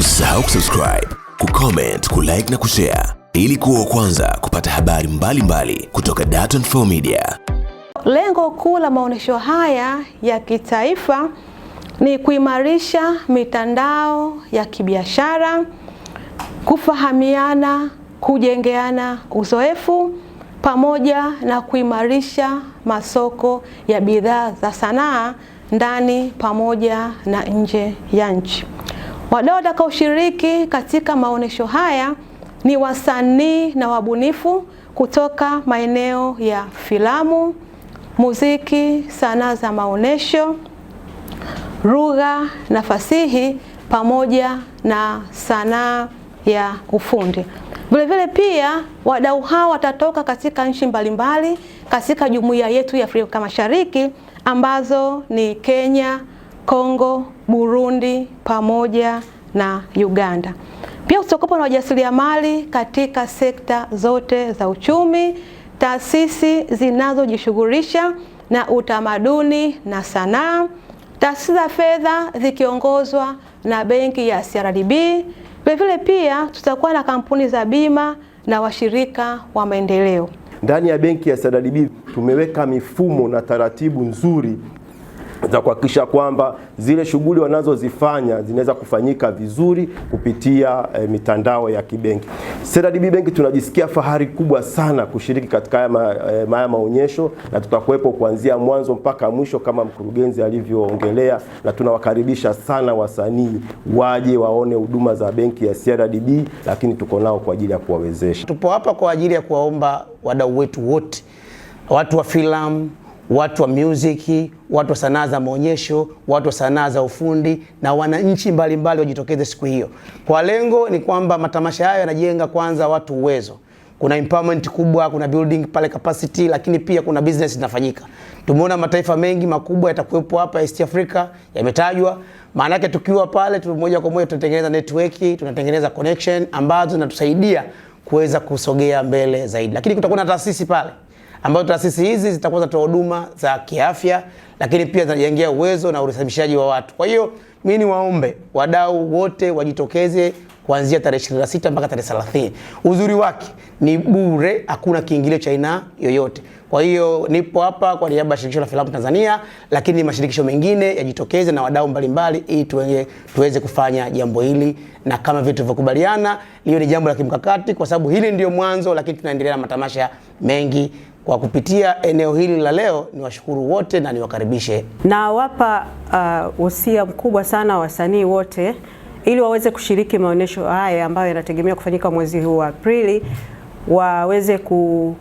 Usisahau kusubscribe, kucomment, kulike na kushare ili kuwa kwanza kupata habari mbalimbali mbali kutoka Dar24 Media. Lengo kuu la maonesho haya ya kitaifa ni kuimarisha mitandao ya kibiashara, kufahamiana, kujengeana uzoefu pamoja na kuimarisha masoko ya bidhaa za sanaa ndani pamoja na nje ya nchi. Wadau watakaoshiriki katika maonesho haya ni wasanii na wabunifu kutoka maeneo ya filamu, muziki, sanaa za maonesho, lugha na fasihi pamoja na sanaa ya ufundi. Vilevile pia wadau hawa watatoka katika nchi mbalimbali katika jumuiya yetu ya Afrika Mashariki ambazo ni Kenya Kongo, Burundi pamoja na Uganda. Pia kutakuwepo na wajasiriamali katika sekta zote za uchumi, taasisi zinazojishughulisha na utamaduni na sanaa, taasisi za fedha zikiongozwa na benki ya CRDB. Vilevile pia tutakuwa na kampuni za bima na washirika wa maendeleo. Ndani ya benki ya CRDB tumeweka mifumo na taratibu nzuri za kuhakikisha kwamba zile shughuli wanazozifanya zinaweza kufanyika vizuri kupitia e, mitandao ya kibenki. CRDB Bank tunajisikia fahari kubwa sana kushiriki katika haya ma, e, maonyesho na tutakuwepo kuanzia mwanzo mpaka mwisho kama mkurugenzi alivyoongelea, na tunawakaribisha sana wasanii waje waone huduma za benki ya CRDB, lakini tuko nao kwa ajili ya kuwawezesha. Tupo hapa kwa ajili ya kuwaomba wadau wetu wote, watu wa filamu watu wa muziki, watu wa sanaa za maonyesho, watu wa sanaa za ufundi na wananchi mbalimbali wajitokeze siku hiyo, kwa lengo ni kwamba matamasha hayo yanajenga kwanza watu uwezo kuna empowerment kubwa, kuna building pale capacity, lakini pia kuna business inafanyika. Tumeona mataifa mengi makubwa yatakuwepo hapa East Africa, yametajwa. Maana yake tukiwa pale tu moja kwa moja tunatengeneza network, tunatengeneza connection ambazo zinatusaidia kuweza kusogea mbele zaidi, lakini kutakuwa na taasisi pale ambazo taasisi hizi zitakuwa zinatoa huduma za kiafya, lakini pia zinajengea uwezo na urasimishaji wa watu. Kwa hiyo mimi niwaombe wadau wote wajitokeze kuanzia tarehe 26 mpaka tarehe 30. Uzuri wake ni bure, hakuna kiingilio cha aina yoyote. Kwa hiyo nipo hapa kwa niaba ya shirikisho la filamu Tanzania, lakini mashirikisho mengine yajitokeze na wadau mbalimbali ili tuweze, tuweze kufanya jambo hili, na kama vile tulivyokubaliana, hiyo ni jambo la kimkakati kwa sababu hili ndio mwanzo, lakini tunaendelea na matamasha mengi kwa kupitia eneo hili la leo. Ni washukuru wote na niwakaribishe, nawapa wapa uh, mkubwa sana wasanii wote ili waweze kushiriki maonyesho haya ambayo yanategemea kufanyika mwezi huu wa Aprili waweze ku,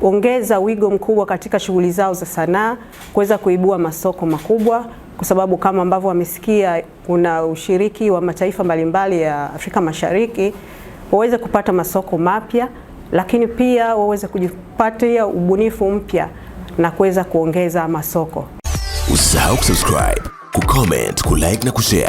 kuongeza wigo mkubwa katika shughuli zao za sanaa, kuweza kuibua masoko makubwa, kwa sababu kama ambavyo wamesikia kuna ushiriki wa mataifa mbalimbali ya Afrika Mashariki, waweze kupata masoko mapya, lakini pia waweze kujipatia ubunifu mpya na kuweza kuongeza masoko. Usisahau kusubscribe, kucomment, kulike na kushare